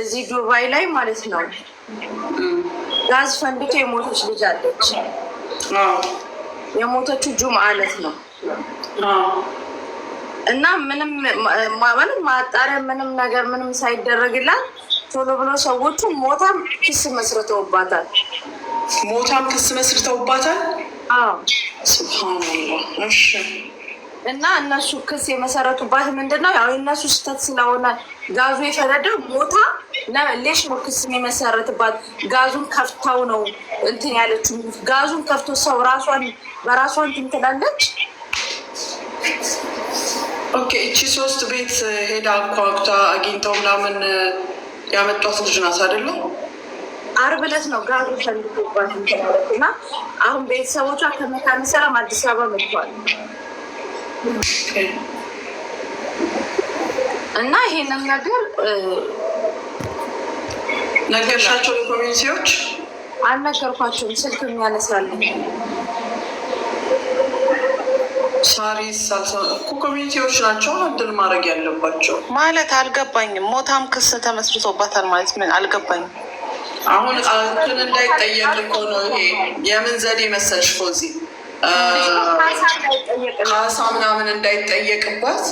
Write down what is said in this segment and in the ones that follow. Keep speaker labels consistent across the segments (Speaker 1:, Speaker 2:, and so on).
Speaker 1: እዚህ ዱባይ ላይ ማለት ነው ጋዝ ፈንድቶ የሞተች ልጅ አለች። የሞተችው ጁም አለት ነው እና ምንም ማለት ማጣሪያ ምንም ነገር ምንም ሳይደረግላት ቶሎ ብሎ ሰዎቹ ሞታም ክስ መስርተውባታል።
Speaker 2: ሞታም ክስ መስርተውባታል። ሱብሃነላህ።
Speaker 1: እና እነሱ ክስ የመሰረቱባት ምንድን ነው? ያው የእነሱ ስህተት ስለሆነ ጋዙ የፈረደው ቦታ ሌሽ ነው ክስ የመሰረትባት። ጋዙን ከፍተው ነው እንትን ያለችው። ጋዙን ከፍቶ ሰው ራሷን በራሷን እንትን ትላለች።
Speaker 2: ኦኬ እቺ ሶስት ቤት ሄዳ አኳኩታ አግኝተው ምናምን ያመጧት ልጅ ናት አደለ
Speaker 1: አርብ ዕለት ነው ጋዙ ፈልጎባት እና አሁን ቤተሰቦቿ ከመካነ ሰላም አዲስ አበባ መጥቷል። እና ይሄንን ነገር
Speaker 2: ነገርሻቸው ለኮሚኒቲዎች
Speaker 1: አልነገርኳቸውም። ስልክ የሚያነሳል
Speaker 2: ሳሪ እኮ ኮሚኒቲዎች ናቸው እድል ማድረግ ያለባቸው
Speaker 1: ማለት አልገባኝም። ሞታም ክስ ተመስርቶባታል ማለት ምን አልገባኝም።
Speaker 2: አሁን እንትን እንዳይጠየቅ እኮ ነው ይሄ የምን ዘዴ መሰልሽ ፎዚ ካሳ ምናምን እንዳይጠየቅባት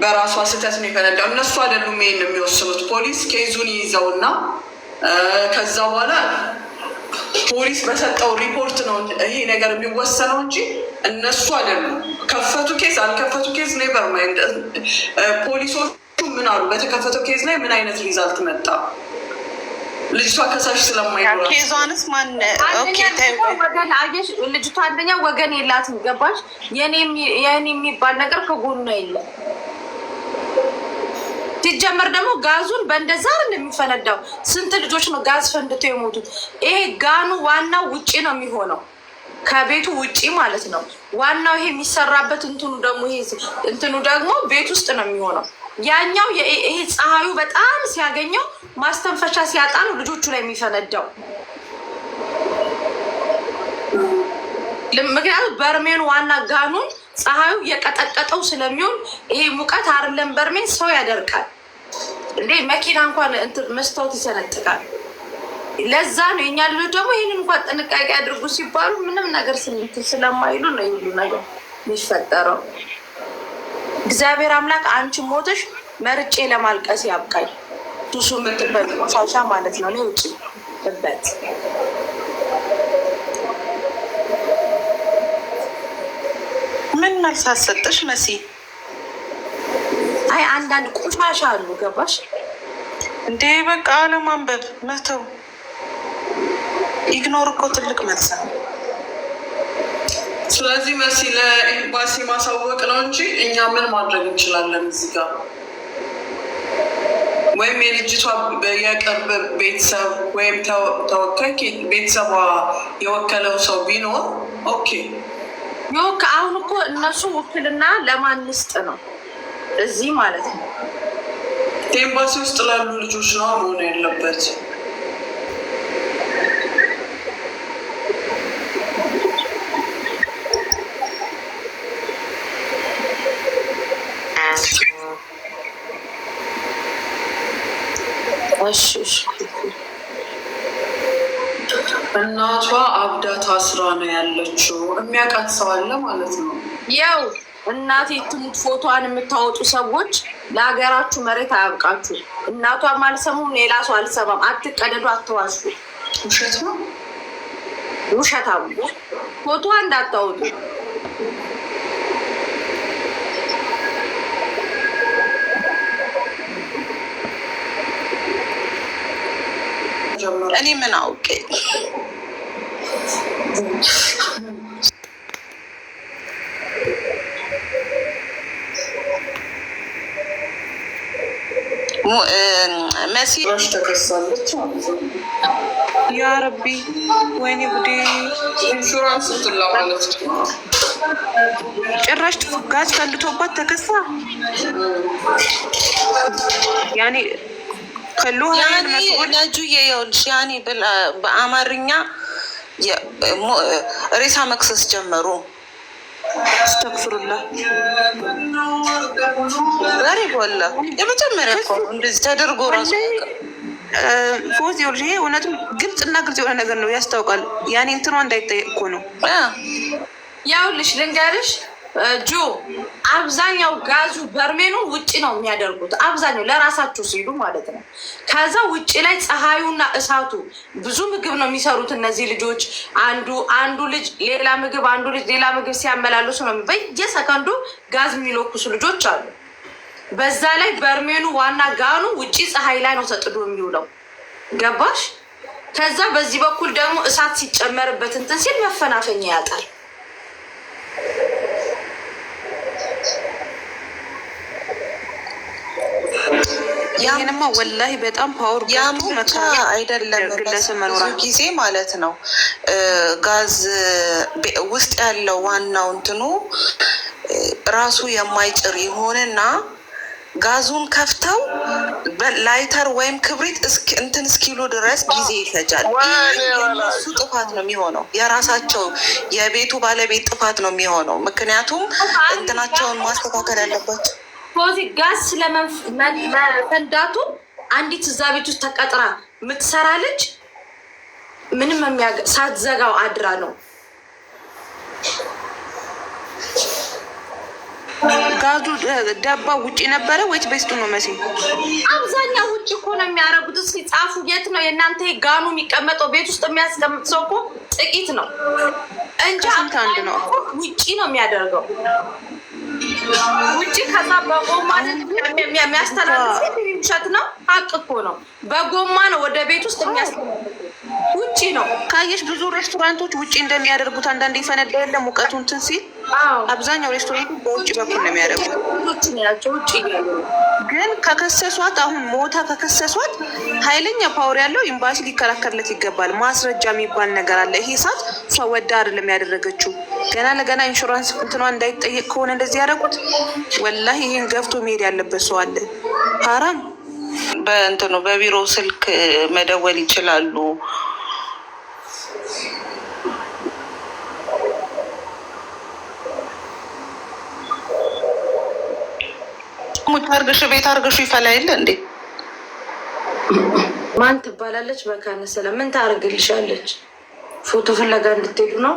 Speaker 2: በራሷ ስህተት ነው የፈነዳው። እነሱ አይደሉም ይሄን የሚወስኑት። ፖሊስ ኬዙን ይይዘውና ከዛ በኋላ ፖሊስ በሰጠው ሪፖርት ነው ይሄ ነገር የሚወሰነው እንጂ እነሱ አይደሉም። ከፈቱ ኬዝ አልከፈቱ ኬዝ ኔቨር ማይንድ። ፖሊሶቹ ምን አሉ? በተከፈተው ኬዝ ላይ ምን አይነት ሪዛልት መጣ? ልጅቷ ከሳሽ ስለማይሆን
Speaker 1: ኬዟንስ ማን ልጅቷ አንደኛ ወገን የላትም። ገባሽ? የኔ የሚባል ነገር ከጎኗ የለም። ሲጀመር ደግሞ ጋዙን በእንደዛ ር እንደሚፈነዳው ስንት ልጆች ነው ጋዝ ፈንድቶ የሞቱት? ይሄ ጋኑ ዋናው ውጪ ነው የሚሆነው ከቤቱ ውጪ ማለት ነው። ዋናው ይሄ የሚሰራበት እንትኑ ደግሞ ይሄ እንትኑ ደግሞ ቤት ውስጥ ነው የሚሆነው። ያኛው ይሄ ፀሐዩ በጣም ሲያገኘው ማስተንፈሻ ሲያጣ ነው ልጆቹ ላይ የሚፈነዳው። ምክንያቱም በርሜን ዋና ጋኑን ፀሐዩ የቀጠቀጠው ስለሚሆን ይሄ ሙቀት አይደለም በርሜን ሰው ያደርቃል እንዴ መኪና እንኳን መስታወት ይሰነጥቃል። ለዛ ነው የኛ ልጆች ደግሞ ይህንን እንኳን ጥንቃቄ አድርጉ ሲባሉ ምንም ነገር ስንት ስለማይሉ ነው ይሉ ነገር የሚፈጠረው። እግዚአብሔር አምላክ አንቺ ሞተሽ መርጬ ለማልቀስ ያብቃኝ። ዱሱ የምትበት ቆሻሻ ማለት ነው። እኔ ውጭ እበት
Speaker 2: ምን መልስ አሰጠሽ መሲ?
Speaker 1: አይ አንዳንድ ቆሻሻ አሉ። ገባሽ
Speaker 2: እንዴ? በቃ አለማንበብ መተው ኢግኖር እኮ ትልቅ መልስ ነው። ስለዚህ መሲ ለኤምባሲ ማሳወቅ ነው እንጂ እኛ ምን ማድረግ እንችላለን? እዚህ ጋር ወይም የልጅቷ የቅርብ ቤተሰብ ወይም ተወካይ ቤተሰቧ የወከለው ሰው ቢኖር ኦኬ።
Speaker 1: አሁን እኮ እነሱ ውክልና ለማን ውስጥ ነው? እዚህ ማለት ነው
Speaker 2: ኤምባሲ ውስጥ ላሉ ልጆች ነው መሆን ያለበት። እናቷ አብዳ ታስራ ነው ያለችው። የሚያውቃት ሰው አለ ማለት ነው።
Speaker 1: ያው እናቴ ትሙት ፎቶዋን የምታወጡ ሰዎች ለሀገራችሁ መሬት አያብቃችሁ። እናቷም አልሰሙም፣ ሌላ ሰው አልሰማም። አትቀደዱ፣ አትዋሹ። ውሸት ነው ውሸት። ፎቶዋ እንዳታወጡ
Speaker 2: ጀመረ። እኔ ምን አውቄ መሲ ተከሳለች።
Speaker 1: ያ ረቢ ወይኔ ጉዴ!
Speaker 2: ኢንሹራንስ ትላ ማለት
Speaker 1: ጭራሽ ጋዝ ፈልቶባት ተከሳ ያኔ
Speaker 2: ነጁዬ ይኸውልሽ፣ ያኔ በአማርኛ ሬሳ መክሰስ ጀመሩ።
Speaker 1: አስተግፍሩላ ዛሬ የመጀመሪያ እንደዚህ ተደርጎ ራሱ ፎዝ ይኸውልሽ፣ ይሄ እውነቱም ግልጽና ግልጽ የሆነ ነገር ነው፣ ያስታውቃል። ያኔ እንትኗ እንዳይጠየቅ እኮ ነው። ልንገርሽ ጆ አብዛኛው ጋዙ በርሜኑ ውጭ ነው የሚያደርጉት፣ አብዛኛው ለራሳችሁ ሲሉ ማለት ነው። ከዛ ውጭ ላይ ፀሐዩና እሳቱ ብዙ ምግብ ነው የሚሰሩት እነዚህ ልጆች። አንዱ አንዱ ልጅ ሌላ ምግብ፣ አንዱ ልጅ ሌላ ምግብ ሲያመላልሱ ነው። በየሰከንዱ ጋዝ የሚለኩሱ ልጆች አሉ። በዛ ላይ በርሜኑ ዋና ጋኑ ውጭ ፀሐይ ላይ ነው ተጥዶ የሚውለው። ገባሽ? ከዛ በዚህ በኩል ደግሞ እሳት ሲጨመርበት እንትን ሲል መፈናፈኛ ያጣል። ይህንማ ወላሂ በጣም ፓወር
Speaker 2: ያም ብቻ አይደለም፣ ጊዜ ማለት ነው። ጋዝ ውስጥ ያለው ዋናው እንትኑ ራሱ የማይጭር ይሆንና ጋዙን ከፍተው ላይተር ወይም ክብሪት እንትን እስኪሉ ድረስ ጊዜ ይፈጃል። የእነሱ ጥፋት ነው የሚሆነው፣ የራሳቸው የቤቱ ባለቤት ጥፋት ነው የሚሆነው። ምክንያቱም እንትናቸውን ማስተካከል ያለባቸው
Speaker 1: ኮዚ ጋዝ ስለመፈንዳቱ አንዲት እዛ ቤት ውስጥ ተቀጥራ የምትሰራ ልጅ ምንም ሳትዘጋው አድራ ነው። ጋዙ ደባ ውጭ ነበረ ወይስ በስቱ ነው? መሲ አብዛኛው ውጭ እኮ ነው የሚያደርጉት። እስኪ ጻፉ። የት ነው የእናንተ ጋኑ የሚቀመጠው? ቤት ውስጥ የሚያስቀምጥ ሰው እኮ ጥቂት ነው እንጂ አንድ ነው ውጭ ነው የሚያደርገው። ውጭ ከዛ በጎማ የሚያስተላልፍ ውሸት ነው፣ ሀቅ እኮ ነው። በጎማ ነው ወደ ቤት ውስጥ የሚያስተላልፍ ውጭ ነው። ካየሽ ብዙ ሬስቶራንቶች ውጭ እንደሚያደርጉት አንዳንድ የፈነዳ የለም ሙቀቱ እንትን ሲል አብዛኛው ሬስቶራንቱ በውጭ በኩል ነው የሚያደርጉት። ግን ከከሰሷት አሁን ሞታ ከከሰሷት ኃይለኛ ፓወር ያለው ኤምባሲ ሊከራከርለት ይገባል። ማስረጃ የሚባል ነገር አለ። ይሄ ሰዓት እሷ ወዳ አይደለም ያደረገችው። ገና ለገና ኢንሹራንስ እንትኗ እንዳይጠየቅ ከሆነ እንደዚህ ያደረጉት ወላ ይሄን ገብቶ መሄድ ያለበት ሰው አለ። ሀራም
Speaker 2: በእንትኑ በቢሮ ስልክ መደወል ይችላሉ።
Speaker 1: ሙት አርገሽ ቤት አርገሽ ይፈላ የለ እንዴ? ማን ትባላለች? መካነ ሰላም ምን ታርግልሻለች? ፎቶ ፍለጋ እንድትሄዱ ነው።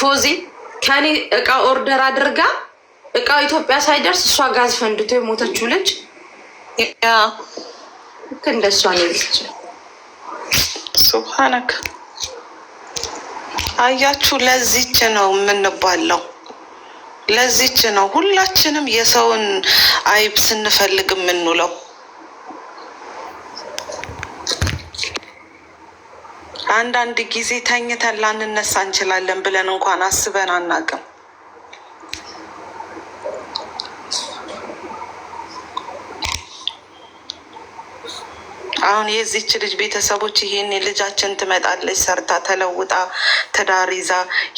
Speaker 1: ፎዚ ከኔ እቃ ኦርደር አድርጋ እቃው ኢትዮጵያ ሳይደርስ እሷ ጋዝ ፈንድቶ የሞተችው ልጅ ልክ እንደ እሷ ነው።
Speaker 2: ሱብሃነክ። አያችሁ፣ ለዚች ነው የምንባለው። ለዚች ነው ሁላችንም የሰውን አይብ ስንፈልግ የምንውለው። አንዳንድ ጊዜ ተኝተን ላንነሳ እንችላለን ብለን እንኳን አስበን አናውቅም። አሁን የዚች ልጅ ቤተሰቦች ይሄን ልጃችን ትመጣለች ሰርታ ተለውጣ ትዳር ይዛ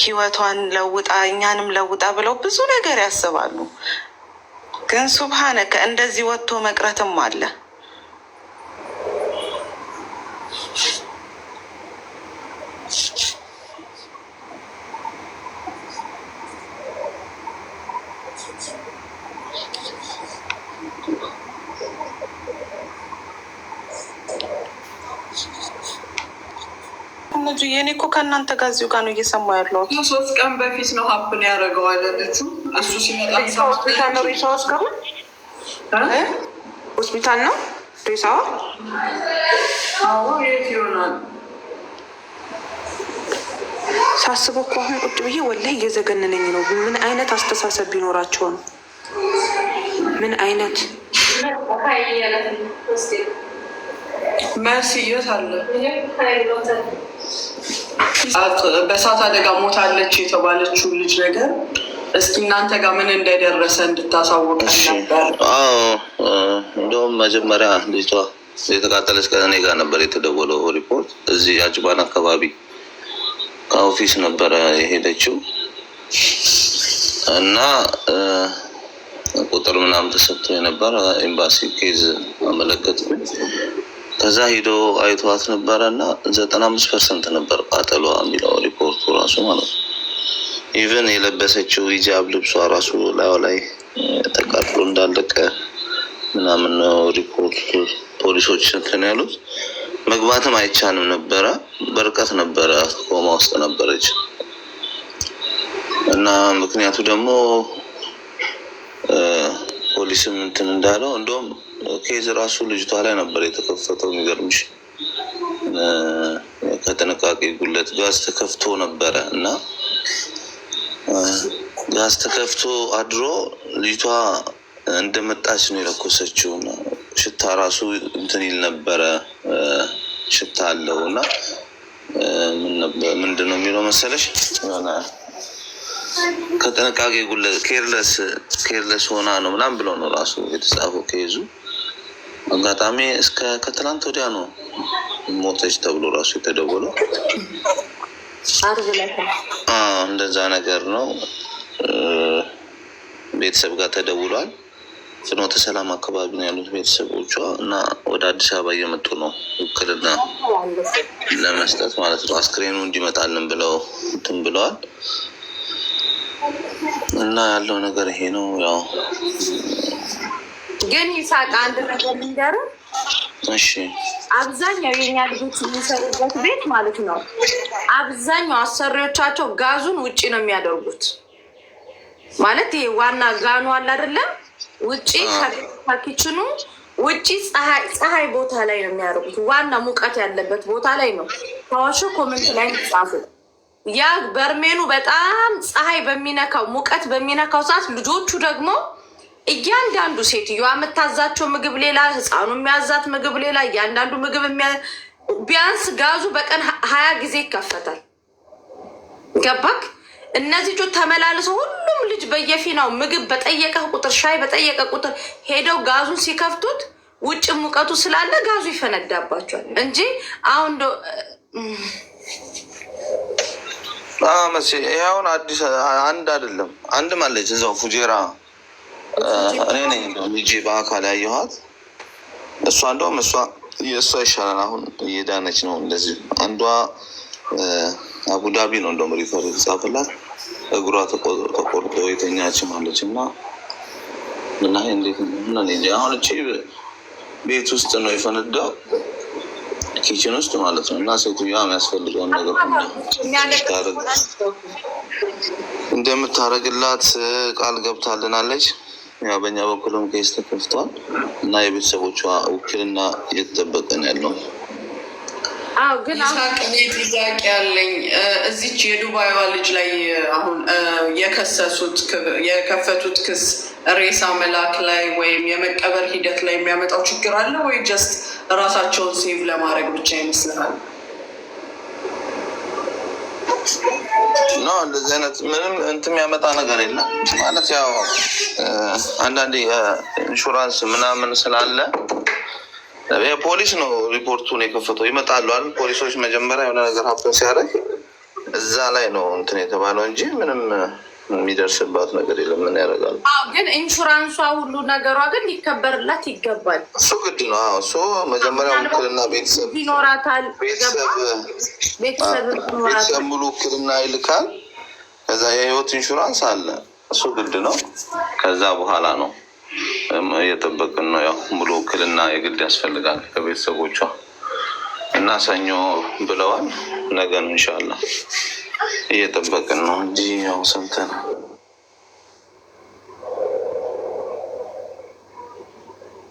Speaker 2: ህይወቷን ለውጣ እኛንም ለውጣ ብለው ብዙ ነገር ያስባሉ። ግን ሱብሃነከ እንደዚህ ወጥቶ መቅረትም አለ።
Speaker 1: ከእናንተ ጋር እዚሁ ጋር ነው እየሰማ ያለው።
Speaker 2: ሶስት ቀን በፊት ነው ሀፕን ያደረገዋል ያለችው። እሱ ሲመጣ
Speaker 1: ሆስፒታል ነው ሬሳዋ ውስጥ ሆስፒታል ነው ሬሳዋ። የት ይሆናል ሳስበው እኮ አሁን ቁጭ ብዬ ወላሂ እየዘገነነኝ ነው። ምን አይነት አስተሳሰብ ቢኖራቸው ነው? ምን አይነት
Speaker 2: መስ አለ በእሳት አደጋ ሞታለች የተባለችው ልጅ ነገር እስኪ እናንተ ጋር ምን እንደደረሰ እንድታሳውቅ ነበር።
Speaker 3: እንደውም መጀመሪያ ልጅቷ የተቃጠለች ከእኔ ጋር ነበር የተደወለው ሪፖርት። እዚህ አጅባን አካባቢ ከኦፊስ ነበረ የሄደችው እና ቁጥር ምናምን ተሰጥቶ የነበረ ኤምባሲ ኬዝ አመለከትኩኝ። ከዛ ሄዶ አይተዋት ነበረ እና ዘጠና አምስት ፐርሰንት ነበር ቃጠሏ የሚለው ሪፖርቱ ራሱ ማለት ነው። ኢቨን የለበሰችው ሂጃብ ልብሷ ራሱ ላዩ ላይ ተቃጥሎ እንዳለቀ ምናምን ነው ሪፖርቱ። ፖሊሶች እንትን ያሉት መግባትም አይቻንም ነበረ። በርቀት ነበረ፣ ኮማ ውስጥ ነበረች እና ምክንያቱ ደግሞ ፖሊስም እንትን እንዳለው እንደውም ኬዝ ራሱ ልጅቷ ላይ ነበር የተከፈተው። የሚገርምሽ ከጥንቃቄ ጉለት ጋዝ ተከፍቶ ነበረ እና ጋዝ ተከፍቶ አድሮ ልጅቷ እንደመጣች ነው የለኮሰችው። ሽታ ራሱ እንትን ይል ነበረ ሽታ አለው እና ምንድን ነው የሚለው መሰለሽ ከጥንቃቄ ጉለት ኬርለስ ኬርለስ ሆና ነው ምናምን ብሎ ነው ራሱ የተጻፈው ከይዙ አጋጣሚ እስከ ከትላንት ወዲያ ነው ሞተች ተብሎ ራሱ የተደወለው እንደዛ ነገር ነው። ቤተሰብ ጋር ተደውሏል። ፍኖተ ሰላም አካባቢ ነው ያሉት ቤተሰቦቿ እና ወደ አዲስ አበባ እየመጡ ነው ውክልና ለመስጠት ማለት ነው። አስክሬኑ እንዲመጣልን ብለው እንትን ብለዋል እና ያለው ነገር ይሄ ነው ያው
Speaker 1: ግን ይሳቅ አንድ ነገር ልንገርህ። እሺ አብዛኛው የኛ ልጆች የሚሰሩበት ቤት ማለት ነው፣ አብዛኛው አሰሪዎቻቸው ጋዙን ውጭ ነው የሚያደርጉት። ማለት ይሄ ዋና ጋኑ አለ አይደለም፣ ውጭ ከኪችኑ ውጭ ፀሐይ ቦታ ላይ ነው የሚያደርጉት። ዋና ሙቀት ያለበት ቦታ ላይ ነው። ታዋሾ ኮሜንት ላይ ጻፉ። ያ በርሜኑ በጣም ፀሐይ በሚነካው ሙቀት በሚነካው ሰዓት ልጆቹ ደግሞ እያንዳንዱ ሴትዮዋ የምታዛቸው ምግብ ሌላ፣ ህፃኑ የሚያዛት ምግብ ሌላ፣ እያንዳንዱ ምግብ ቢያንስ ጋዙ በቀን ሀያ ጊዜ ይከፈታል። ገባክ? እነዚህ ልጆች ተመላልሰው ሁሉም ልጅ በየፊናው ምግብ በጠየቀ ቁጥር ሻይ በጠየቀ ቁጥር ሄደው ጋዙን ሲከፍቱት ውጭ ሙቀቱ ስላለ ጋዙ ይፈነዳባቸዋል እንጂ አሁን ዶ
Speaker 3: መቼ ይኸውን አዲስ አንድ አይደለም አንድም አለች እዛው ፉጀራ እኔ ነኝ ልጅ በአካል ያየኋት። እሷ እንደውም እሷ የእሷ ይሻላል። አሁን እየዳነች ነው። እንደዚህ አንዷ አቡዳቢ ነው እንደውም ሪፈር የተጻፈላት እግሯ ተቆርጦ የተኛች ማለች እና ምና እንዴት አሁን እቺ ቤት ውስጥ ነው የፈነዳው ኪችን ውስጥ ማለት ነው። እና ሴትዮዋ የሚያስፈልገውን ነገር እንደምታደርግላት ቃል ገብታልናለች። ያው በእኛ በኩልም ኬስ ተከፍቷል እና የቤተሰቦቿ ውክልና እየተጠበቀ ነው ያለው።
Speaker 2: ግን እኔ ጥያቄ አለኝ። እዚች የዱባይዋ ልጅ ላይ አሁን የከሰሱት የከፈቱት ክስ ሬሳ መላክ ላይ ወይም የመቀበር ሂደት ላይ የሚያመጣው ችግር አለ ወይ ጀስት እራሳቸውን ሴቭ ለማድረግ ብቻ ይመስልሃል?
Speaker 3: ኖ እንደዚህ አይነት ምንም እንትም ያመጣ ነገር የለም። ማለት ያው አንዳንዴ ኢንሹራንስ ምናምን ስላለ የፖሊስ ነው ሪፖርቱን የከፈተው። ይመጣሉ አይደል ፖሊሶች፣ መጀመሪያ የሆነ ነገር ሀብተን ሲያደርግ እዛ ላይ ነው እንትን የተባለው እንጂ ምንም የሚደርስባት ነገር የለም። ምን ያደርጋል
Speaker 1: ግን ኢንሹራንሷ ሁሉ ነገሯ ግን ሊከበርላት ይገባል።
Speaker 3: እሱ ግድ ነው። እሱ መጀመሪያ ውክልና ቤተሰብ
Speaker 1: ይኖራታል።
Speaker 3: ቤተሰብ ሙሉ ውክልና ይልካል። ከዛ የህይወት ኢንሹራንስ አለ። እሱ ግድ ነው። ከዛ በኋላ ነው እየጠበቅን ነው። ያው ሙሉ ውክልና የግድ ያስፈልጋል ከቤተሰቦቿ እና ሰኞ ብለዋል። ነገ ነው እንሻላ እየጠበቅን ነው እንጂ ያው ሰምተን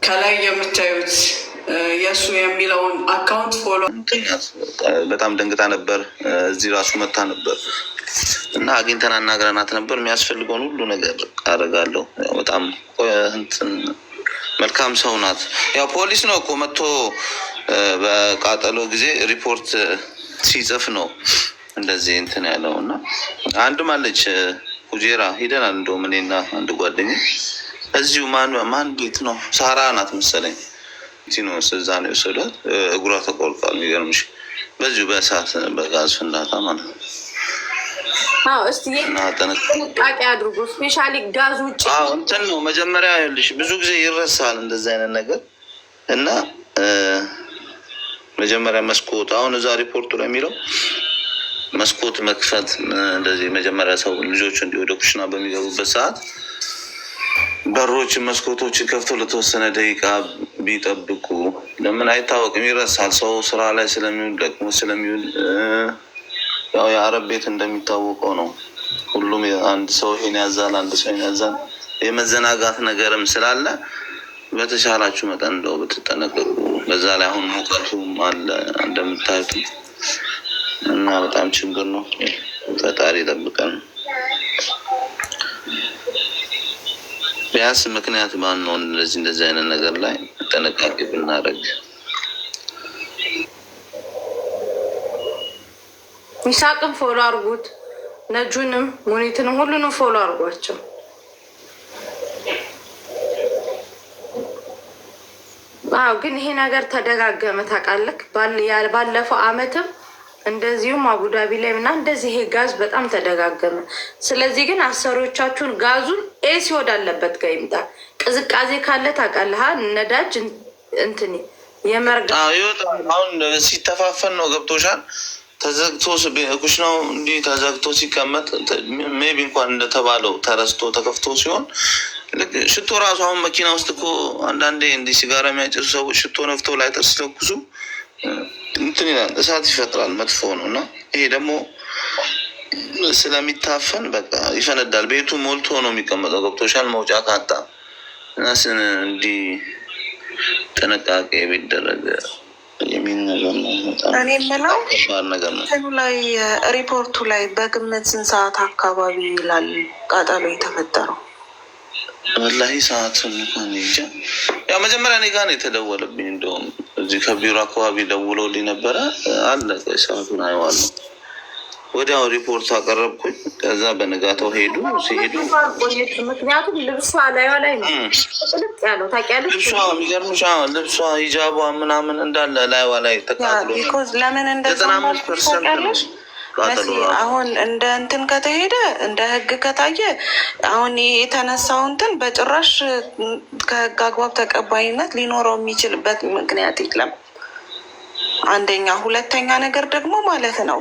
Speaker 2: ከላይ የምታዩት የእሱ የሚለውን አካውንት ፎሎ
Speaker 3: በጣም ደንግጣ ነበር። እዚህ ራሱ መታ ነበር እና አግኝተን አናግረናት ነበር። የሚያስፈልገውን ሁሉ ነገር አደርጋለሁ። በጣም እንትን መልካም ሰው ናት። ያው ፖሊስ ነው እኮ መጥቶ በቃጠሎ ጊዜ ሪፖርት ሲጽፍ ነው እንደዚህ እንትን ያለው እና አንድም አለች ሁጄራ ሂደናል። እንደውም እኔና አንድ ጓደኛ እዚሁ ማን ማን ቤት ነው ሳራ ናት መሰለኝ ቲኖስ እዛ ነው የወሰዷት። እግሯ ተቆርጧል። የሚገርምሽ በዚሁ በእሳት በጋዝ ፍንዳታ ማለት ነው።
Speaker 1: ጥንቃቄ አድርጉ። ስፔሻሊ ጋዝ ውጭ
Speaker 3: እንትን ነው መጀመሪያ ያልሽ ብዙ ጊዜ ይረሳል እንደዚህ አይነት ነገር እና መጀመሪያ መስኮት አሁን እዛ ሪፖርቱ ላይ የሚለው መስኮት መክፈት እንደዚህ መጀመሪያ ሰው ልጆች እንዲህ ወደ ኩሽና በሚገቡበት ሰዓት በሮችን መስኮቶችን ከፍቶ ለተወሰነ ደቂቃ ቢጠብቁ ለምን አይታወቅም፣ ይረሳል። ሰው ስራ ላይ ስለሚውል ደቅሞ ስለሚውል ያው የአረብ ቤት እንደሚታወቀው ነው። ሁሉም አንድ ሰው ይሄን ያዛል፣ አንድ ሰው ይሄን ያዛል። የመዘናጋት ነገርም ስላለ በተሻላችሁ መጠን እንደው ብትጠነቀቁ። በዛ ላይ አሁን ሙቀቱም አለ እንደምታዩት እና በጣም ችግር ነው። ፈጣሪ ይጠብቀን። ቢያንስ ምክንያት ማን ነው እንደዚህ እንደዚህ አይነት ነገር ላይ ጥንቃቄ ብናደርግ።
Speaker 1: ይሳቅን ፎሎ አድርጉት፣ ነጁንም ሙኒትንም ሁሉንም ፎሎ አድርጓቸው። አዎ ግን ይሄ ነገር ተደጋገመ ታውቃለህ። ባለፈው አመትም እንደዚሁም አቡዳቢ ላይ ምና እንደዚህ ይሄ ጋዝ በጣም ተደጋገመ። ስለዚህ ግን አሰሪዎቻችሁን ጋዙን ኤሲ ወዳለበት ጋር ይምጣ። ቅዝቃዜ ካለ ታውቃለህ፣ ነዳጅ እንትን የመርጋ
Speaker 3: አሁን ሲተፋፈን ነው። ገብቶሻል። ተዘግቶ ኩሽናው እንዲህ ተዘግቶ ሲቀመጥ ሜቢ እንኳን እንደተባለው ተረስቶ ተከፍቶ ሲሆን ሽቶ ራሱ አሁን መኪና ውስጥ እኮ አንዳንዴ እንዲህ ሲጋራ የሚያጨሱ ሰዎች ሽቶ ነፍቶ ላይ ተስለኩሱ እንትን ይላል እሳት ይፈጥራል፣ መጥፎ ነው እና ይሄ ደግሞ ስለሚታፈን በቃ ይፈነዳል። ቤቱ ሞልቶ ነው የሚቀመጠው። ገብቶሻል? መውጫ ካጣ እና ስን እንዲህ ጥንቃቄ ቢደረግ እኔ የምለው እንትኑ
Speaker 1: ላይ ሪፖርቱ ላይ በግምት ስንት ሰዓት አካባቢ ይላል ቃጠሎ የተፈጠረው?
Speaker 3: ወላሂ ሰዓቱን እኔ እንጃ። ያው መጀመሪያ እኔ ጋር ነው የተደወለብኝ። እንደውም እዚህ ከቢሮ አካባቢ ደውለውልኝ ነበረ። አለቀ ሰዓቱን አይዋለሁ። ወዲያው ሪፖርት አቀረብኩኝ። ከዛ በንጋታው ሄዱ። ሲሄዱ
Speaker 1: ምክንያቱም ልብሷ ላይዋ ላይ ነው ያለው ታውቂያለሽ።
Speaker 3: ልብሷ የሚገርምሽ ልብሷ ሂጃቧ ምናምን እንዳለ ላይዋ ላይ ተቃጥሎ ለምን ዘጠና አምስት ፐርሰንት ነው
Speaker 1: አሁን እንደ እንትን ከተሄደ እንደ ህግ ከታየ አሁን የተነሳው እንትን በጭራሽ ከህግ አግባብ ተቀባይነት ሊኖረው የሚችልበት ምክንያት የለም። አንደኛ፣ ሁለተኛ ነገር ደግሞ ማለት ነው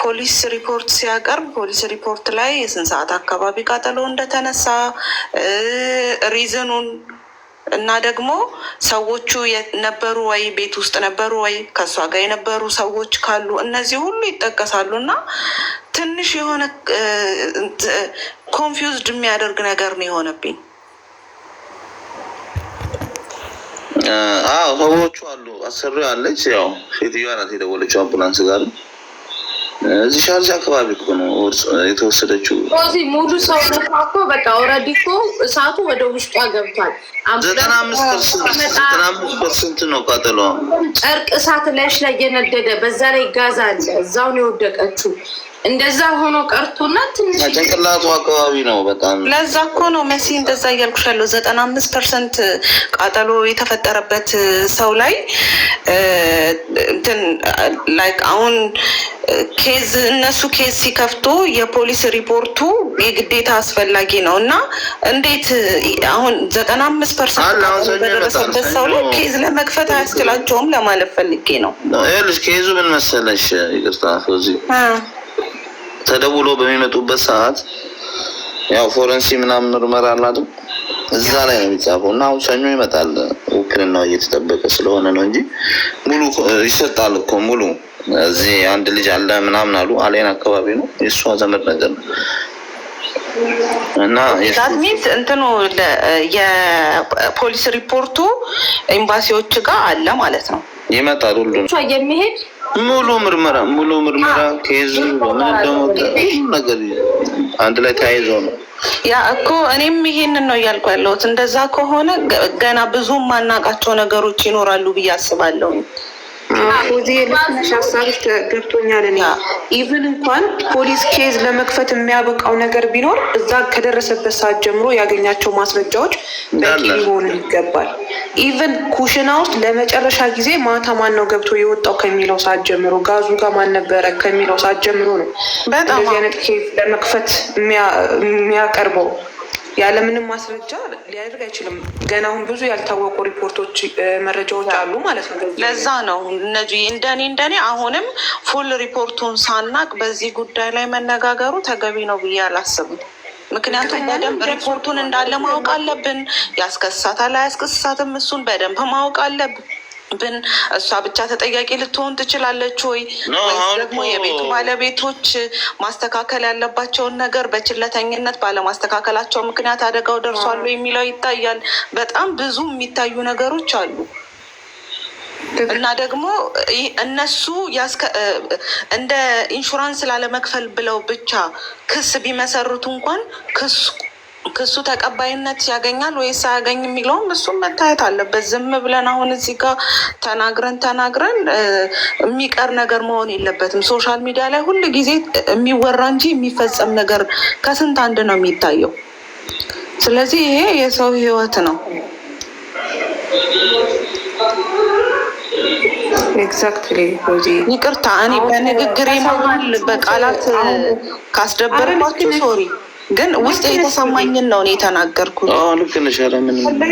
Speaker 1: ፖሊስ ሪፖርት ሲያቀርብ ፖሊስ ሪፖርት ላይ የስንት ሰዓት አካባቢ ቃጠሎ እንደተነሳ ሪዝኑን እና ደግሞ ሰዎቹ ነበሩ ወይ ቤት ውስጥ ነበሩ ወይ ከእሷ ጋር የነበሩ ሰዎች ካሉ እነዚህ ሁሉ ይጠቀሳሉ። እና ትንሽ የሆነ ኮንፊውዝድ የሚያደርግ ነገር ነው የሆነብኝ።
Speaker 3: ሰዎቹ አሉ፣ አሰሪ አለች፣ ያው ሴትዮዋ ናት የደወለችው አምቡላንስ ጋር እዚህ ሻርጅ አካባቢ እኮ ነው የተወሰደችው።
Speaker 1: እዚህ ሙሉ ሰው ነፋኮ በቃ ኦልሬዲ እኮ እሳቱ ወደ ውስጧ ገብቷል።
Speaker 3: ዘጠና አምስት ፐርሰንት ነው ቃጠሎ።
Speaker 1: ጨርቅ እሳት ላይሽ ላይ እየነደደ በዛ ላይ ጋዝ አለ። እዛውን የወደቀችው እንደዛ ሆኖ ቀርቶና ትንሽ
Speaker 3: ጭንቅላቱ አካባቢ ነው በጣም
Speaker 1: ለዛ እኮ ነው መሲ እንደዛ እያልኩሽ ያለው ዘጠና አምስት ፐርሰንት ቃጠሎ የተፈጠረበት ሰው ላይ እንትን ላይክ አሁን ኬዝ እነሱ ኬዝ ሲከፍቱ የፖሊስ ሪፖርቱ የግዴታ አስፈላጊ ነው እና እንዴት አሁን ዘጠና አምስት ፐርሰንት በደረሰበት ሰው ላይ ኬዝ ለመክፈት አያስችላቸውም ለማለት ፈልጌ ነው።
Speaker 3: ኬዙ ምን መሰለሽ ይቅርታ ተደውሎ በሚመጡበት ሰዓት ያው ፎረንሲ ምናምን ምርመራ አላለም እዛ ላይ ነው የሚጻፈው። እና አሁን ሰኞ ይመጣል። ውክልናው እየተጠበቀ ስለሆነ ነው እንጂ ሙሉ ይሰጣል እኮ ሙሉ። እዚህ አንድ ልጅ አለ ምናምን አሉ፣ አሌን አካባቢ ነው የእሷ ዘመድ ነገር ነው። እና
Speaker 1: ዛትሚት እንትኑ የፖሊስ ሪፖርቱ ኤምባሲዎች ጋር አለ ማለት ነው። ይመጣል ሁሉ የሚሄድ
Speaker 3: ሙሉ ምርመራ ሙሉ ምርመራ ከዝ ነገር አንድ ላይ ተያይዞ ነው።
Speaker 1: ያ እኮ እኔም ይሄንን ነው እያልኩ ያለሁት። እንደዛ ከሆነ ገና ብዙ ማናቃቸው ነገሮች ይኖራሉ ብዬ አስባለሁ። ዜሽ ሀሳብሽ ገብቶኛል። እኔ ኢቭን እንኳን ፖሊስ ኬዝ ለመክፈት የሚያበቃው ነገር ቢኖር እዛ ከደረሰበት ሰዓት ጀምሮ ያገኛቸው ማስረጃዎች በቂ ሊሆኑ ይገባል። ኢቭን ኩሽና ውስጥ ለመጨረሻ ጊዜ ማታ ማን ነው ገብቶ የወጣው ከሚለው ሰዓት ጀምሮ፣ ጋዙ ጋር ማን ነበረ ከሚለው ሰዓት ጀምሮ ነው እንደዚህ አይነት ኬዝ ለመክፈት የሚያቀርበው። ያለምንም ማስረጃ ሊያደርግ አይችልም። ገና አሁን ብዙ ያልታወቁ ሪፖርቶች፣ መረጃዎች አሉ ማለት ነው። ለዛ ነው እነዚህ እንደኔ እንደኔ አሁንም ፉል ሪፖርቱን ሳናቅ በዚህ ጉዳይ ላይ መነጋገሩ ተገቢ ነው ብዬ አላስብም። ምክንያቱም በደንብ ሪፖርቱን እንዳለ ማወቅ አለብን። ያስከስሳታል አያስከስሳትም፣ እሱን በደንብ ማወቅ አለብን። ብን እሷ ብቻ ተጠያቂ ልትሆን ትችላለች ወይ? ደግሞ የቤቱ ባለቤቶች ማስተካከል ያለባቸውን ነገር በችለተኝነት ባለማስተካከላቸው ምክንያት አደጋው ደርሷሉ የሚለው ይታያል። በጣም ብዙ የሚታዩ ነገሮች አሉ እና ደግሞ እነሱ እንደ ኢንሹራንስ ላለመክፈል ብለው ብቻ ክስ ቢመሰርቱ እንኳን ክስ ክሱ ተቀባይነት ያገኛል ወይስ አያገኝ የሚለውም እሱም መታየት አለበት። ዝም ብለን አሁን እዚህ ጋር ተናግረን ተናግረን የሚቀር ነገር መሆን የለበትም። ሶሻል ሚዲያ ላይ ሁል ጊዜ የሚወራ እንጂ የሚፈጸም ነገር ከስንት አንድ ነው የሚታየው። ስለዚህ ይሄ የሰው ህይወት ነው። ኤግዛክትሊ ይቅርታ እኔ በንግግር መል በቃላት ካስደበረ ሶሪ ግን ውስጥ የተሰማኝን ነው እኔ የተናገርኩት።
Speaker 3: ልክ ነሽ። ኧረ ምንም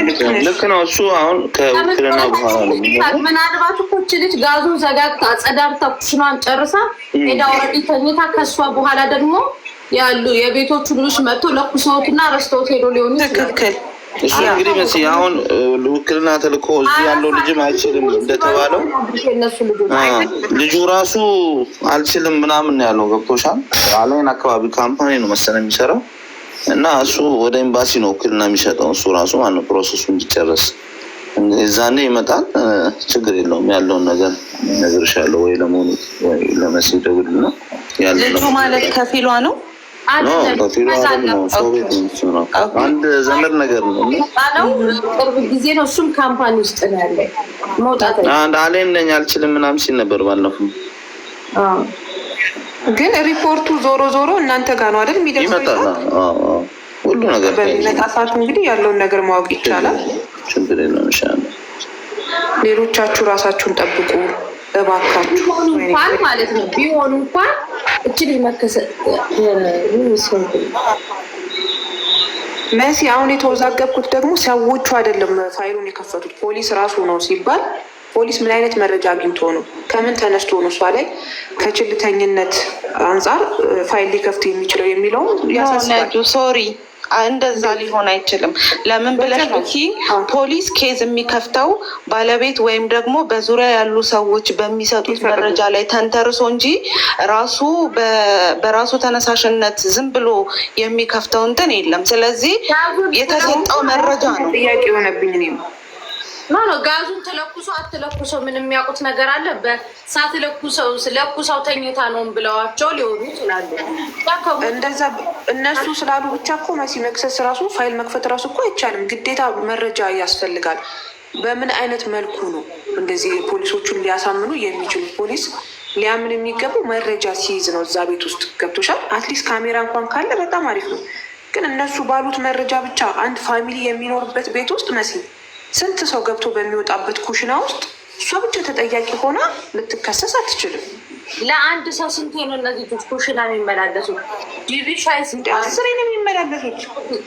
Speaker 3: ልክ ነው። እሱ አሁን ከውክልና
Speaker 1: በኋላ ምናልባት እኮ ይህች ልጅ ጋዙን ዘጋግታ አጸዳርታ ኩሽኗን ጨርሳ ሄዳ ወረዲ ተኝታ ከእሷ በኋላ ደግሞ ያሉ የቤቶቹ ልጆች መጥቶ ለኩሰውትና ረስተውት ሄዶ ሊሆኑ
Speaker 2: ትክክል
Speaker 3: እሺ እንግዲህ መሲ አሁን ውክልና ተልኮ እዚህ ያለው ልጅም አይችልም እንደተባለው ልጁ ራሱ አልችልም ምናምን ያለው ገብቶሻል። አላይን አካባቢ ካምፓኒ ነው መሰለ የሚሰራው እና እሱ ወደ ኤምባሲ ነው ውክልና የሚሰጠው እሱ ራሱ ማነው ፕሮሰሱ እንዲጨረስ እዛኔ ይመጣል። ችግር የለውም። ያለውን ነገር እነግርሻለሁ ወይ ለመሆኑ ወይ ለመሲ ደውልና
Speaker 1: ልጁ ማለት ከፊሏ ነው
Speaker 3: አንድ ዘመድ ነገር ነው።
Speaker 1: ቅርብ ጊዜ ነው። እሱም ካምፓኒ ውስጥ ነው ያለ።
Speaker 3: መውጣት አሌም ነኝ አልችልም ምናምን ሲል ነበር ባለፈው።
Speaker 1: ግን ሪፖርቱ ዞሮ ዞሮ እናንተ ጋር ነው አይደል? የሚደርሰው
Speaker 3: ይመጣል። ሁሉ ነገር
Speaker 1: እንግዲህ ያለውን ነገር ማወቅ ይቻላል። ሌሎቻችሁ ራሳችሁን ጠብቁ። እባካችሁ እንኳን ማለት ነው ቢሆኑ እንኳን እችል መከሰት መሲ አሁን የተወዛገብኩት ደግሞ ሰዎቹ አይደለም ፋይሉን የከፈቱት ፖሊስ ራሱ ነው ሲባል ፖሊስ ምን አይነት መረጃ አግኝቶ ነው? ከምን ተነስቶ ነው እሷ ላይ ከችልተኝነት አንጻር ፋይል ሊከፍት የሚችለው የሚለውን ያሳስባል። ሶሪ እንደዛ ሊሆን አይችልም። ለምን ብለሽ ኪ ፖሊስ ኬዝ የሚከፍተው ባለቤት ወይም ደግሞ በዙሪያ ያሉ ሰዎች በሚሰጡት መረጃ ላይ ተንተርሶ እንጂ ራሱ በራሱ ተነሳሽነት ዝም ብሎ የሚከፍተው እንትን የለም። ስለዚህ የተሰጠው መረጃ ነው ጥያቄ የሆነብኝ ኖ ኖ ጋዙን ተለኩሶ አትለኩሰው ምን የሚያውቁት ነገር አለ? በሳትለኩሰው ለኩሰው ተኝታ ነው ብለዋቸው ሊሆኑ ይችላሉ። እንደዛ እነሱ ስላሉ ብቻ እኮ መሲ መክሰስ ራሱ ፋይል መክፈት ራሱ እኮ አይቻልም። ግዴታ መረጃ ያስፈልጋል። በምን አይነት መልኩ ነው እንደዚህ ፖሊሶቹን ሊያሳምኑ የሚችሉ? ፖሊስ ሊያምን የሚገባው መረጃ ሲይዝ ነው። እዛ ቤት ውስጥ ገብቶሻል። አትሊስት ካሜራ እንኳን ካለ በጣም አሪፍ ነው። ግን እነሱ ባሉት መረጃ ብቻ አንድ ፋሚሊ የሚኖርበት ቤት ውስጥ መሲ ስንት ሰው ገብቶ በሚወጣበት ኩሽና ውስጥ እሷ ብቻ ተጠያቂ ሆና ልትከሰስ አትችልም። ለአንድ ሰው ስንት ነው እነዚህ ኩሽና የሚመላለሱት? ዲቪ አስሬ ነው የሚመላለሱት?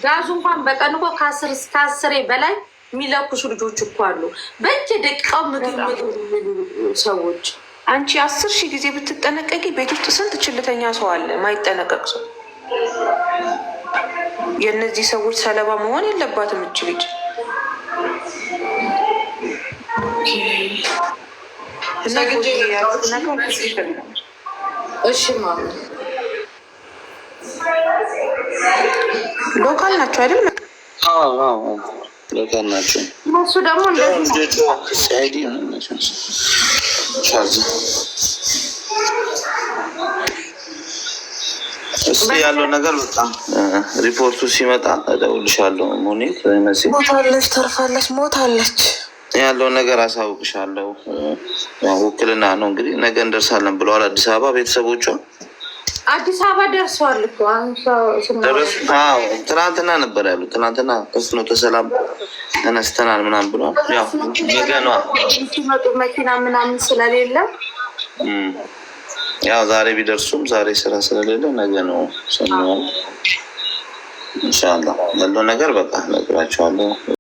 Speaker 1: ጋዙ እንኳን በቀን እኮ ከአስር እስከ አስሬ በላይ የሚለኩሱ ልጆች እኮ አሉ። በእጅ ደቂቃው ምግብ ምግብ ሰዎች አንቺ አስር ሺህ ጊዜ ብትጠነቀቂ ቤት ውስጥ ስንት ችልተኛ ሰው አለ ማይጠነቀቅ ሰው። የእነዚህ ሰዎች ሰለባ መሆን የለባትም እች ልጅ። ሎካል ናቸው አይደል?
Speaker 3: ሎካል ናቸው።
Speaker 1: ደግሞ እንደዚህ
Speaker 3: ያለው ነገር ሪፖርቱ ሲመጣ እደውልልሻለሁ። ሞኒት
Speaker 1: ሞታለች፣ ተርፋለች፣ ሞታለች
Speaker 3: ያለውን ነገር አሳውቅሻለሁ። ውክልና ነው እንግዲህ ነገ እንደርሳለን ብለዋል። አዲስ አበባ ቤተሰቦቿ
Speaker 1: አዲስ አበባ ደርሰዋል።
Speaker 3: ትናንትና ነበር ያሉ። ትናንትና ከፍኖ ተሰላም ተነስተናል ምናምን ብለዋል።
Speaker 1: ሲመጡ መኪና ምናምን ስለሌለ
Speaker 3: ያው ዛሬ ቢደርሱም ዛሬ ስራ ስለሌለ ነገ ነው ሰንዋል። ኢንሻላህ ያለው ነገር በቃ እነግራቸዋለሁ።